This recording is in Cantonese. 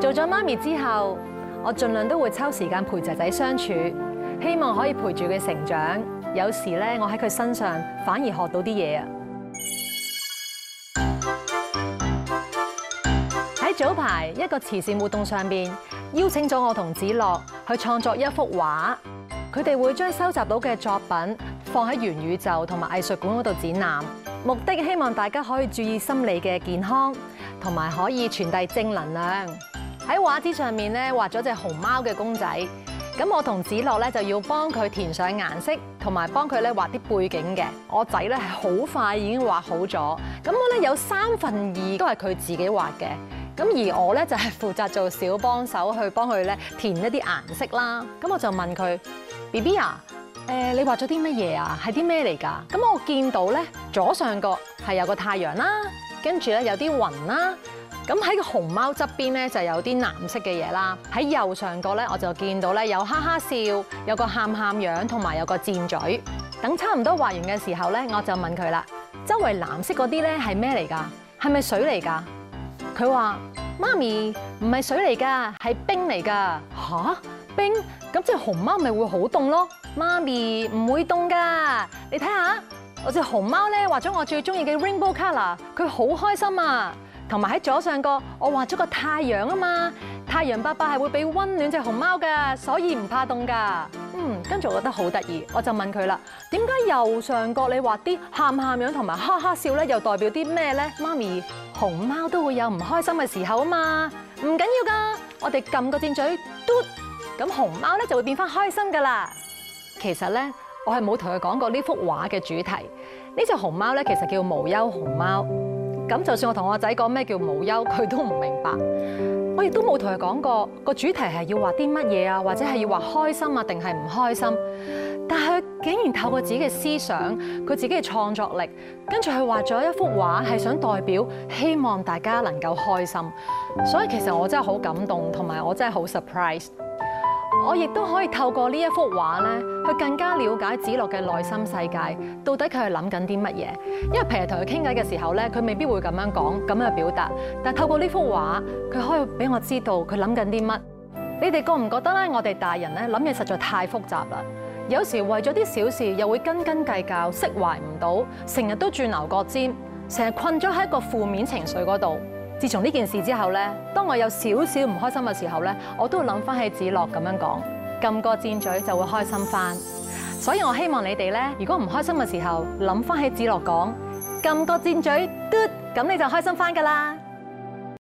做咗媽咪之後，我盡量都會抽時間陪仔仔相處，希望可以陪住佢成長。有時咧，我喺佢身上反而學到啲嘢啊！喺早排一個慈善活動上面，邀請咗我同子樂去創作一幅畫。佢哋會將收集到嘅作品放喺元宇宙同埋藝術館嗰度展覽，目的希望大家可以注意心理嘅健康，同埋可以傳遞正能量。喺畫紙上面咧，畫咗隻熊貓嘅公仔，咁我同子樂咧，就要幫佢填上顏色，同埋幫佢咧畫啲背景嘅。我仔咧係好快已經畫好咗，咁我咧有三分二都係佢自己畫嘅，咁而我咧就係負責做小幫手去幫佢咧填一啲顏色啦。咁我就問佢，BB 啊，誒，你畫咗啲乜嘢啊？係啲咩嚟㗎？咁我見到咧，左上角係有個太陽啦，跟住咧，有啲雲啦。咁喺個熊貓側邊咧，就有啲藍色嘅嘢啦。喺右上角咧，我就見到咧有哈哈笑，有個喊喊樣，同埋有個箭咀。等差唔多畫完嘅時候咧，我就問佢啦：周圍藍色嗰啲咧係咩嚟㗎？係咪水嚟㗎？佢話：媽咪唔係水嚟㗎，係冰嚟㗎。吓、啊？冰？咁即係熊貓咪會好凍咯？媽咪唔會凍㗎，你睇下。我隻熊貓咧畫咗我最中意嘅 Rainbow Color 佢好開心啊！同埋喺左上角我畫咗個太陽啊嘛，太陽伯伯係會俾温暖隻熊貓嘅，所以唔怕凍噶。嗯，跟住我覺得好得意，我就問佢啦：點解右上角你畫啲喊喊樣同埋哈哈笑咧？又代表啲咩咧？媽咪，熊貓都會有唔開心嘅時候啊嘛，唔緊要噶，我哋撳個箭嘴嘟，咁熊貓咧就會變翻開心噶啦。其實咧。我係冇同佢講過呢幅畫嘅主題，呢隻熊貓咧其實叫無憂熊貓。咁就算我同我仔講咩叫無憂，佢都唔明白。我亦都冇同佢講過個主題係要畫啲乜嘢啊，或者係要畫開心啊定係唔開心。但係竟然透過自己嘅思想，佢自己嘅創作力，跟住佢畫咗一幅畫係想代表希望大家能夠開心。所以其實我真係好感動，同埋我真係好 surprise。我亦都可以透過呢一幅畫咧，去更加了解子樂嘅內心世界，到底佢係諗緊啲乜嘢。因為平日同佢傾偈嘅時候咧，佢未必會咁樣講、咁樣表達。但係透過呢幅畫，佢可以俾我知道佢諗緊啲乜。你哋覺唔覺得咧？我哋大人咧諗嘢實在太複雜啦，有時為咗啲小事又會斤斤計較，釋懷唔到，成日都鑽牛角尖，成日困咗喺個負面情緒嗰度。自從呢件事之後咧，當我有少少唔開心嘅時候咧，我都會諗翻起子樂咁樣講，撳個箭咀就會開心翻。所以我希望你哋咧，如果唔開心嘅時候諗翻起子樂講，撳個箭咀嘟，咁你就開心翻㗎啦。